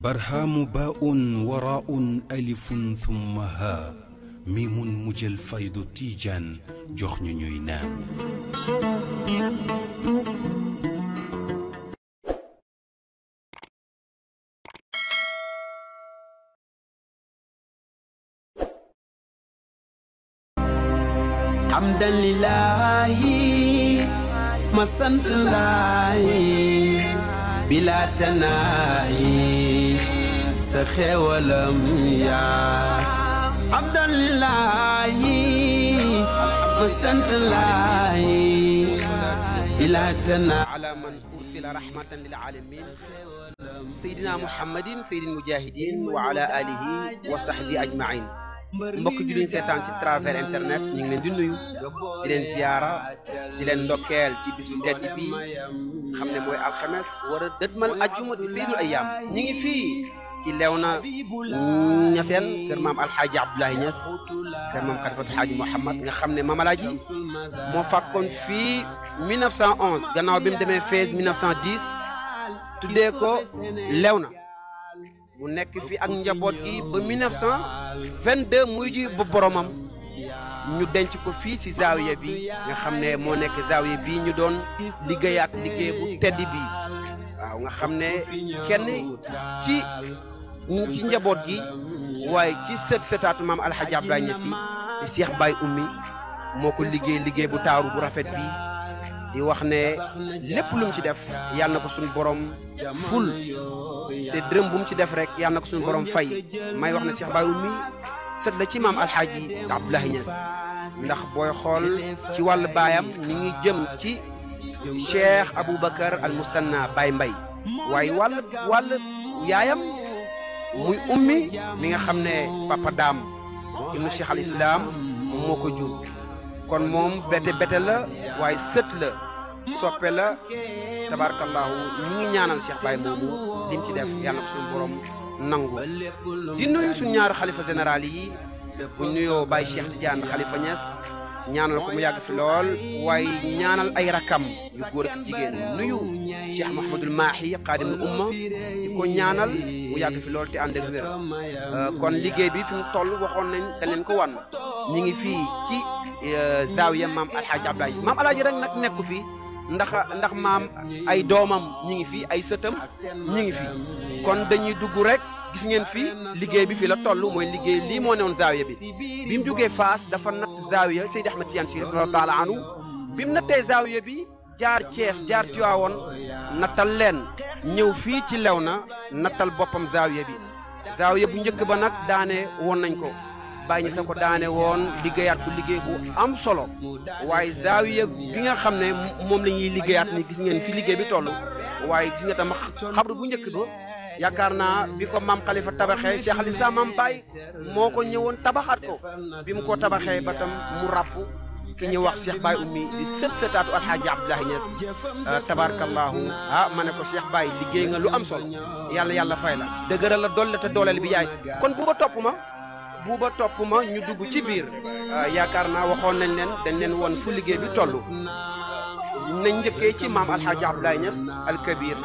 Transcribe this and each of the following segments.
برهام باء وراء ألف ثم ها ميم مجل فيض تيجان جخن نام حمدا لله ما سنت الله بلا تناهي سخي ولم يا عبد الله وسنت الله بلا تناهي على من أرسل رحمة للعالمين سيدنا محمد سيد المجاهدين وعلى آله وصحبه أجمعين mbokk ju ñu seetaan ci travers internet ñu ngi leen di nuyu di leen ziyaara di leen ndokkeel ci bis bu tedd bi xam ne mooy alxames war a dëtmal ajjuma di seydul ayyaam ñu ngi fii ci Léona Niassène kër maam alxaaji Abdoulaye Niass kër maam xalifatul xaaji Mouhamad nga xam ne maam alaaji moo fàkkoon fii 1911 gannaaw bi mu demee Fès 1910 tuddee ko Léona mu nekk fi ak njaboot gi ba 22 muy ji bu boromam ñu denc ko fii si zaawiya bi nga xam ne moo nekk zaawiya bii ñu doon liggéey ak liggéey bu tedd bi waaw nga xam ne kenn ci ci njaboot gi waaye ci sët sëtaatu maam alxaji Abdoulaye Baay Ummi moo ko liggéey liggéey bu taaru bu rafet bi di wax ne lépp lu mu ci def yàlla nako suñu borom ful te dërëm bu mu ci def rek yàlla nako suñu borom fay may wax ne Cheikh Baye Oumy sët la ci maam alhaji abdullah Niass ndax boy xol ci wal bayam ni ngi jëm ci Cheikh bakkar al Musanna Baye Mbay way wal wal yaayam muy ummi mi nga xamne papa dam ibnu Cheikh al Islam moko jur kon mom bete bete la waaye sët la soppe la tabaarkallaahu ñi ngi ñaanal Cheikh Baye moomu lim ci def yàlla ko suñu borom nangu di nuyu suñu ñaari xalifa général yi buñ nuyoo Baye Cheikh Tidiane xalifa ñees ñaanal ko mu yàgg fi lool waaye ñaanal ay rakam yu góor ak jigéen nuyu Cheikh Mouhamadul Mahi xaadimul umma di ko ñaanal mu yàgg fi lool te ànd ak wér euh, kon liggéey bi fi mu toll waxoon nañ dañ leen ko wan ñi ngi fii ci euh, zaawiya maam Alhaji Abdoulaye maam Alhaji nag nekku fi. ndax ndax maam ay doomam ñi ngi fi ay sëtam ñi ngi fi kon dañuy dugg rek gis ngeen fi liggéey bi fi la toll mooy liggéey lii moo newoon zaawiya bi bi mu jógee Faas dafa natt zaawiya Seydi Ahmed Tidiane si radiyallaahu taala anhu bi mu nattee zaawiya bi jaar Cees jaar Tiwaawoon nattal leen ñëw fii ci Léona nattal boppam zaawiya bi zaawiya bu njëkk ba nag daane woon nañ ko bàyyi sa ko daane woon liggéeyaat ku liggéey bu am solo waaye zaawiya bi nga xam ne moom la ñuy liggéeyaat ni gis ngeen fi liggéey bi toll waaye gis nga tam xabru bu njëkk ba yaakaar naa bi ko maam xalifa tabaxee Cheikh al Islam maam moo ko ñëwoon tabaxaat ko bi mu ko tabaxee ba tam mu ràpp ki ñu wax Cheikh baay ummi di sët sëtaatu alxaaji Abdoulahi Niass euh, tabarakallaahu ah ma ne ko Cheikh Baye liggéey nga lu am solo yàlla yàlla fay la dëgëral la doole te dooleel bi buuba topp ma ñu dugg ci biir ah, yaakaar naa waxoon nañ leen dañ leen woon fu liggéey bi toll nañ njëkkee ci maam alxaaji Abdoulaye ñas alkabir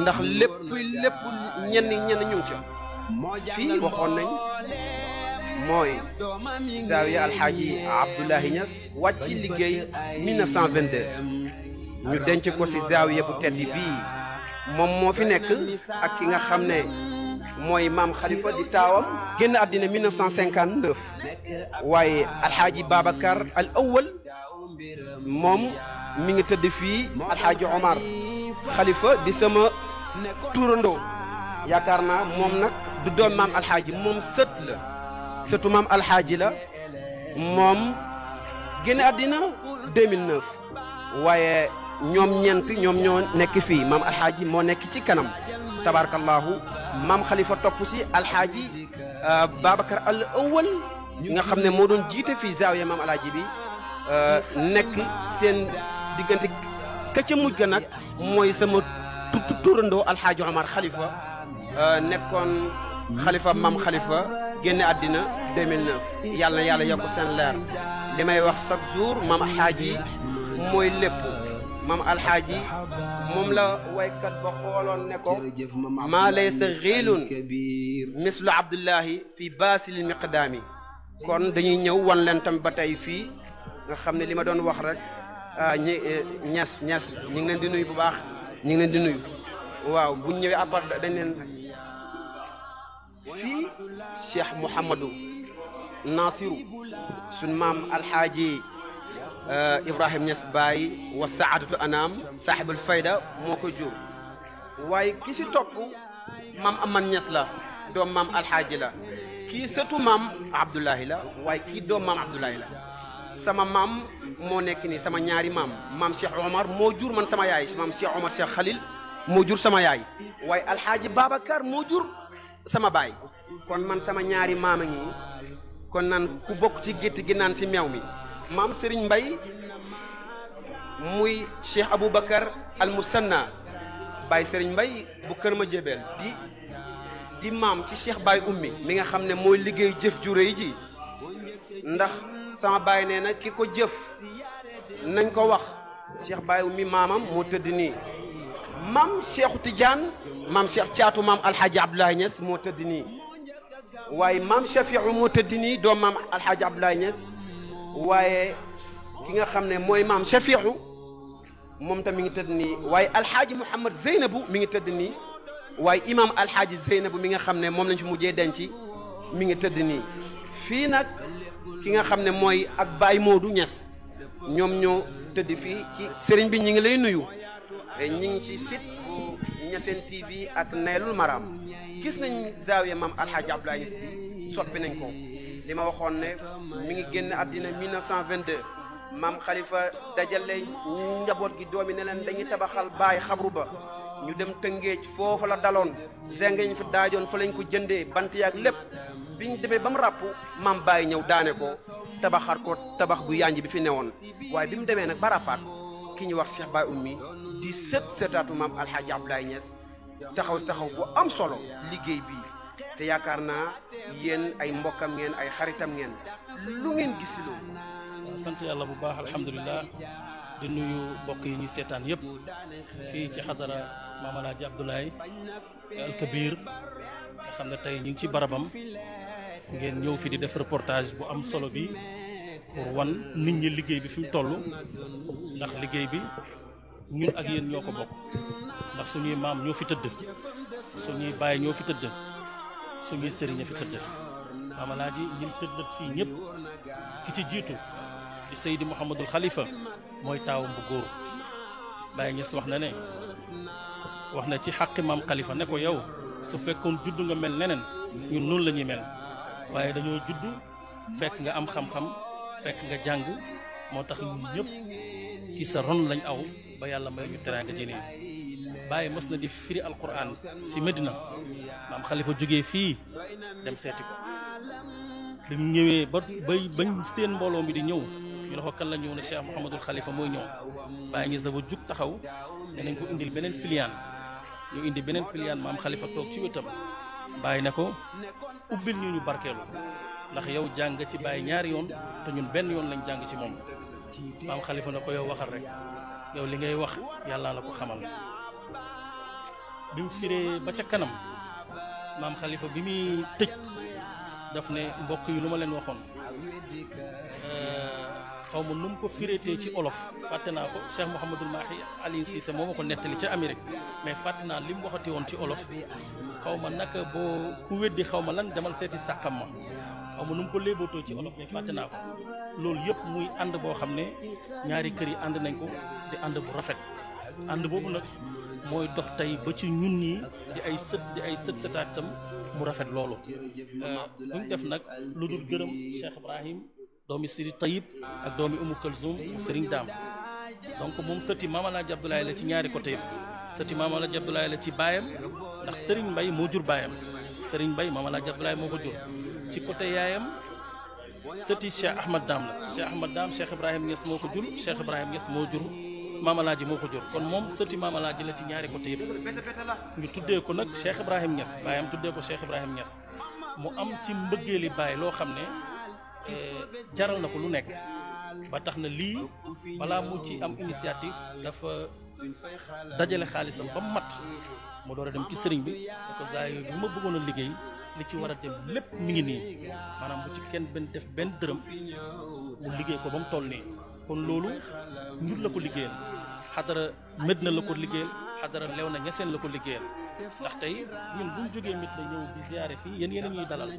ndax lépp lépp ñenn ñenn ñu ngi waxoon nañ mooy zaawiya alxaaji Abdoulaye Niass wàcc liggéey 1922 ñu denc ko si zaawiya bu tedd bii moom moo fi nekk ak ki nga xam ne moy mam Khalifa di tawam génn adina 1959 waaye alxaaji babakar al awwal moom mi ngi tëdd fii alxaaji Omar Khalifa di sama tourando yakarna mom nak nag du doon maam alxaaji mom seut la sëtu maam alxaaji la mom génn adina 2009 waye ñom ñent ñom ñoo nekk fii maam alxaaji mo nekk ci kanam تبارك الله مام خليفه توبسي الحاجي بابكر الاول nga xamne mo doon jité fi zawiya mam alaaji bi nekk seen diggante ka ca mujj nak moy sama turandoo alhaji omar khalifa euh nekkon khalifa mam khalifa génne adina 2009 yàlla yàlla yokk sen leer limay wax chaque jour mam alhaji moy lépp mam alhaji moom la waykat ba xooloon ne ko maa laysa xiilun mislu abdullahi fi baasil miqdaami kon dañuy ñëw wan leen tam ba tey fii nga xam ne li ma doon wax rek ñi ñas ñas ñu ngi leen di nuyu bu baax ñu ngi leen di nuyu waaw buñ ñëwee àpart dañ leen fii cheikh mouhamadou nasiru suñ maam alxaaji Ibrahim Niass Baye wa saadatu anaam saaxibul fayda moo ko jur waaye ki si topp maam Aman Niass la doom maam Alxaaji la kii sëtu maam Abdoulahi la waaye kii doom maam Abdoulahi la sama maam moo nekk nii sama ñaari maam maam Cheikh Omar moo jur man sama yaay maam Cheikh Omar Cheikh Khalil moo jur sama yaay waaye Alxaaji Babacar moo jur sama baay kon man sama ñaari maam a ngi kon naan ku bokk ci gétt gi naan si meew mi مام سيرين باي موي شيخ ابو بكر المسنى باي سيرين باي بو كير جبل دي دي مام سي شيخ باي امي ميغا خامني موي ليغي جيف جوري جي ندخ سان باي نينا كيكو جيف نانكو واخ شيخ باي امي مامام مو تدني مام شيخ تيجان مام شيخ تياتو مام الحاج عبد الله نيس مو تدني واي مام شفيع مو تدني دو مام الحاج عبد الله نيس waaye ki nga xam ne mooy maam Chafiu moom tam mi ngi tëdd nii waaye alxaaji Mouhamad Zeynabu mi ngi tëdd nii waaye imaam alxaaji Zeynabu mi nga xam ne moom lañ fi mujjee denc TV ak Naylul Maram gis nañ zaawiya maam alxaaji Abdoulaye li ma waxoon ne mi ngi génn àddina 1922 maam xalifa dajale njaboot gi doomi ne leen dañuy tabaxal baay xabru ba ñu dem tëngéej foofa la daloon zingeñ fi daajoon fa lañ ko jëndee bant yaag lépp biñ demee ba mu ràpp maam bàyyi ñëw daane ko tabaxar ko tabax gu yanj bi fi newoon waaye bi mu demee nag ba ràppaat ki ñu wax Cheikh Baye Oumy di sët sëtaatu maam alxaaji Abdoulaye Niass taxaw taxaw bu am solo liggéey bii te yaakaar naa yéen ay mbokkam ngeen ay xaritam ngeen lu ngeen gis sant yàlla bu baax alhamdulilah di nuyu mbokk yi ñuy seetaan yëpp fii ci xadara Maam Alaaji Abdoulaye Al xam ne tey ñu ngi ci barabam ngeen ñëw fi di def reportage bu am solo bi pour wan nit ñi liggéey bi fi tollu toll ndax liggéey bi ñun ak yéen ñoo ko bokk ndax suñuy maam ñoo fi tëdd suñuy baay ñoo fi tëdd. suñuy sëriñ a fi tëdd amalaadi ñun tëdd fii ñëpp ki ci jiitu di Seydi Mouhamadul Khalifa mooy taawam bu góor Baye Niass wax na ne wax na ci xàqi maam Khalifa ne ko yow su fekkoon juddu nga mel neneen ñun noonu la mel waaye dañoo juddu fekk nga am xam-xam fekk nga jàng moo tax ñun ñëpp ci sa ron lañ aw ba yàlla may ñu teraanga jënee baye mës na di firi alquran ci Medina maam khalifa joge fi dem seeti ko dem ñewé ba bay bañ seen mbooloo mi di ñew ñu ne ko kan la ñew na Cheikh mohammedul Khalifa mooy ñëw bàyyi ñës dafa juk taxaw danañ ko indil benen piliyaan ñu indi benen piliyaan maam khalifa tok ci wetam baye nako ko ubbil ñu ñu barkelu ndax yow jang ci mom. ñaar yoon te ñun benn yoon lañ jang ci mom maam khalifa nako yow waxal rek yow li ngay wax yalla la ko xamal. bi mu firee ba ca kanam maam xalifa bi muy tëj daf ne mbokk yi lu ma leen waxoon euh, xaw ma nu ko firéetee ci olof fàtte naa ko Cheikh Mouhamadul Mahi Ali Cissé moo ma ko nettali ca Amérique mais fàtte naa li mu waxati woon ci olof xaw ma naka boo ku weddi xaw ma lan demal seeti sàkkam ma xaw ma ko léebootoo ci olof mais fàtte naa ko loolu yëpp muy ànd boo xam ne ñaari kër yi ànd nañ ko di ànd bu rafet. ànd boobu nag mooy dox tey ba ci ñun ñii di ay sët di ay sët sëtaat tam mu rafet loolu euh, duñ def nag lu dul gërëm Cheikh Ibrahim doomi Siri Tayib ak doomi Umu Kalsum mu Sëriñ Daam donc moom sëti Maam Alaaji Abdoulaye la ci ñaari côté yëpp sëti Maam Alaaji la ci baayam ndax Sëriñ Mbay moo jur baayam Sëriñ Mbay Maam Alaaji Abdoulaye moo jur ci côté yaayam sëti Cheikh Ahmad Daam la Cheikh Ahmad Daam Cheikh Ibrahim Niass moo ko jur Cheikh Ibrahim Niass moo jur maamalaaji moo ko jur kon moom sëti maamalaaji la ci ñaari côté yëpp ñu tuddee ko nag Cheikh Ibrahim Niass baayam tuddee ko Cheikh Ibrahim Niass mu am ci mbëggeeli baay loo xam ne eh, jaral na ko lu nekk ba tax na lii balaa mu ci am initiative dafa dajale xaalisam ba mat mu door a dem ci sëriñ bi ne ko saa yooyu ma bëggoon liggéey li ci war a dem lépp mi ngi nii maanaam bu ci kenn benn def benn dërëm mu liggéey ko ba mu toll nii kon loolu ñun la ko liggéeyal xadara na la ko liggéeyal xadara Léona Niassène la ko liggéeyal ndax tey ñun bu ñu jógee mit na ñëw di fii yéen yéen a ñuy dalal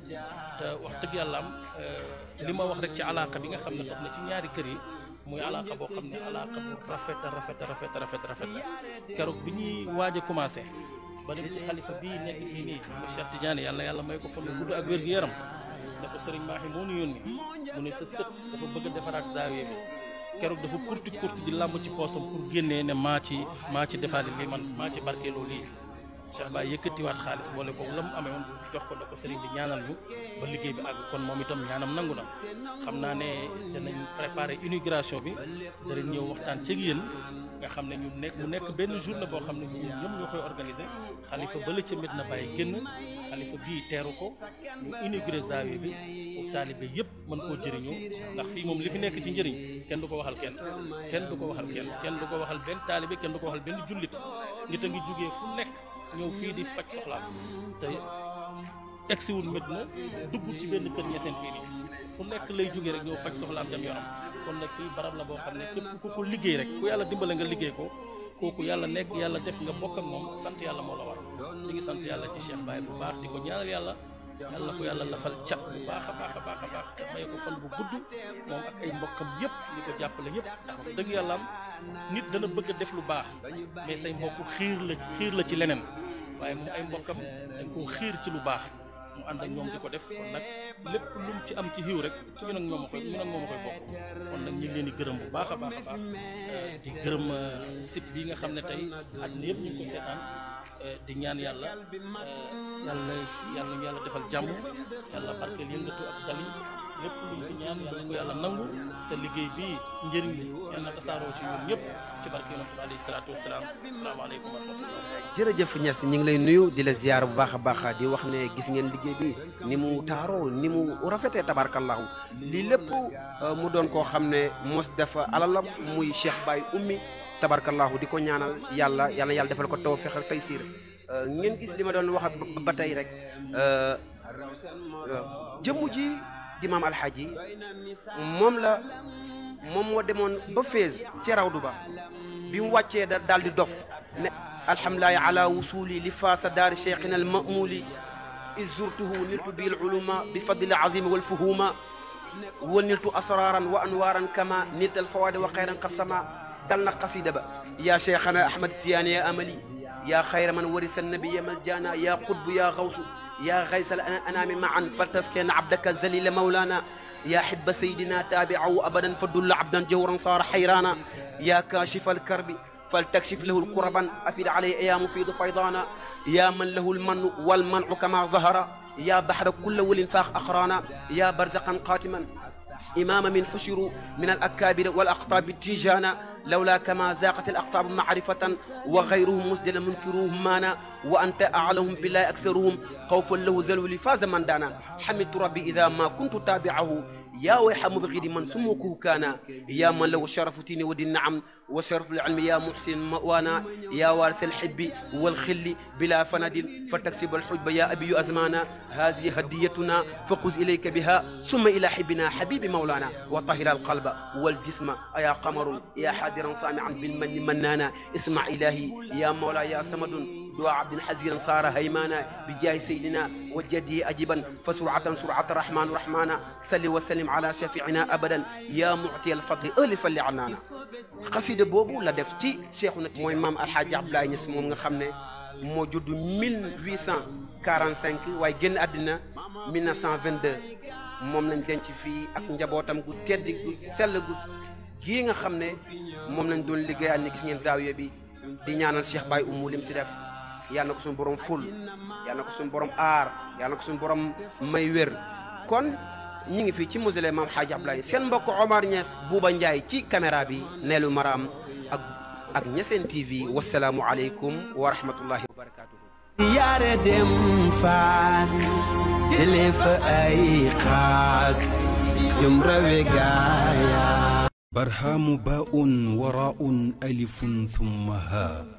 te wax dëgg yàlla am euh, li ma wax rek ci alaaka bi nga xam ne dox na ci ñaari kër yi muy alaaka boo xam ne alaaka bu rafet rafet rafet rafet rafet la keroog bi ñuy waaj a commencé ba dem ci xalifa bii nekk fii nii Cheikh Tidiane yàlla yàlla may ko fan bu gudd ak wér yaram ne ko sëriñ Maahi moo ñu yónni mu sa keroog dafa kurti kurti di làmb ci poosam pour génnee ne maa ci maa ci defaale lii man maa ci barkeeloo lii Cheikh Baye yëkkatiwaat xaalis boole boobu la mu amee woon jox ko ne ko sëriñ bi ñaanal ñu ba liggéey bi àgg kon moom itam ñaanam nangu na xam naa ne danañ préparer inigration bi danañ ñëw waxtaan ci yéen nga xam ne ñu nekk mu nekk benn journée boo xam ne ñu ñoom ñoo koy organiser xalifa bële ca Medina Baye génn xalifa bii teeru ko ñu inauguré zaawiya bi pour taalibe yëpp mën koo jëriñoo ndax fii moom li fi nekk ci njëriñ kenn du ko waxal kenn kenn du ko waxal kenn kenn ko waxal benn taalibe kenn du ko waxal benn jullit a ngi jugee fu nekk ñëw fii di faj soxlaam te egsiwul na dugg ci benn kër ñeseen fii nii fu nekk lay jógee rek ñëw faj soxlaam dem yoram kon nag fii barab la boo xam ne képp ku ko liggéey rek ku yàlla dimbale nga liggéey ko kooku yàlla nekk yàlla def nga bokk ak moom sant yàlla moo la war ñu ngi sant yàlla ci Cheikh Baye bu baax di ko ñaanal yàlla yàlla ko yàlla lafal cat bu baax a baax a baax a baax te may ko fan bu gudd moom ak ay mbokkam yëpp li ko jàppale yëpp ndax wax dëgg yàlla am nit dana bëgg a def lu baax mais say mbokk xiir la xiir la ci leneen waaye moom ay mbokkam dañ koo xiir ci lu baax mu ànd ak ñoom di ko def kon nag lépp lu ci am ci xiw rek ñun ak ñoom a koy ñun ak moom a koy bokk kon nag ñu leen di gërëm bu baax a baax a baax euh, di gërëm euh, site bi nga xam ne tey àddina yëpp ñu ngi koy seetaan euh, di ñaan yàlla yàlla yàlla yàlla defal jàmm yàlla barkeel yëngatu ak dal lépp nangu te liggéey bi njëriñ li yàlla na tasaaroo ci ñun ñëpp ci barke yonent bi salaatu wasalaam asalaamaaleykum wa jërëjëf Niass ñu ngi lay nuyu di la ziar bu baax a baax di wax ne gis ngeen liggéey bi ni mu taaroo ni mu rafetee tabarkallahu lii lépp euh, mu doon koo xam ne mos dafa alalam muy Cheikh Baye Oumy tabarkallahu di ko ñaanal yàlla yàlla yàlla defal ko tawfiq ak taysiir euh, ngeen gis li ma doon wax ba tey rek euh, jëmm ji di maam alxaaji moom la moom moo demoon ba fees ci rawdu ba bi mu wàccee da daal di dof ne alhamdulilahi ala wusuli li faasa daari cheikhina almamuli is zurtuhu niltu bil uluma bi fadli azimi wal fuhuma wa niltu asraran wa anwaran kama niltal fawaade wa xayran qad sama dal na qasida ba ya cheikhana ahmad tiyaani ya amali ya xayra man warisa nabiya maljana ya qutbu ya xawsu يا غيث الأنام معا فلتسكن عبدك الذليل مولانا يا حب سيدنا تابعه أبدا فدل عبدا جورا صار حيرانا يا كاشف الكرب فلتكشف له الكربا افيد عليه يا مفيد فيضانا يا من له المن والمنع كما ظهر يا بحر كل والانفاق أخرانا يا برزقا قاتما إمام من حشر من الأكابر والأقطاب تيجانا لولا كما زاقت الأقطاب معرفة وغيرهم مسجل منكروهم مانا وأنت أعلهم بالله أكثرهم خوفا له زلول فاز من دانا حمدت ربي إذا ما كنت تابعه يا ويحم بغيد من سموك كان يا من لو الشرف تيني ودي النعم وشرف العلم يا محسن مأوانا يا وارث الحب والخل بلا فنادل فتكسب الحجب يا أبي أزمانا هذه هديتنا فقز إليك بها ثم إلى حبنا حبيب مولانا وطهر القلب والجسم أيا قمر يا حاضرا صامعا بالمن منانا اسمع إلهي يا مولاي يا سمد دعاء عبد الحزير صار هيمانا بجاه سيدنا وجده أجبا فسرعة سرعة الرحمن رحمانا صل وسلم على شفيعنا أبدا يا معطي الفضل ألف لعنانا قصيدة بوبو لا دفتي شيخنا مو إمام الحاج عبد الله نسمو من خمنا موجود 1845 واي جن أدنى 1922 موم لن دنت في اك نجابوتام كو تيد كو سل كو كيغا خامني موم لن دون ليغال ني زاويه بي دي نيانال شيخ باي اوموليم سي yal na ko suñu borom ful yal na ko suñu borom aar yal na ko suñu borom may wér kon ñi ngi fii ci musulé maam Hadj Abdoulaye seen mbokk Omar Niass Bouba Ndiaye ci caméra bi Nelou Maram ak ak Niassène TV wasalaamu aleykum wa rahmatullahi wa barakatuhu yaare dem faas jëlee fa ay xaas yum rawe gaaya barhaamu baa'un waraa'un alifun thumma haa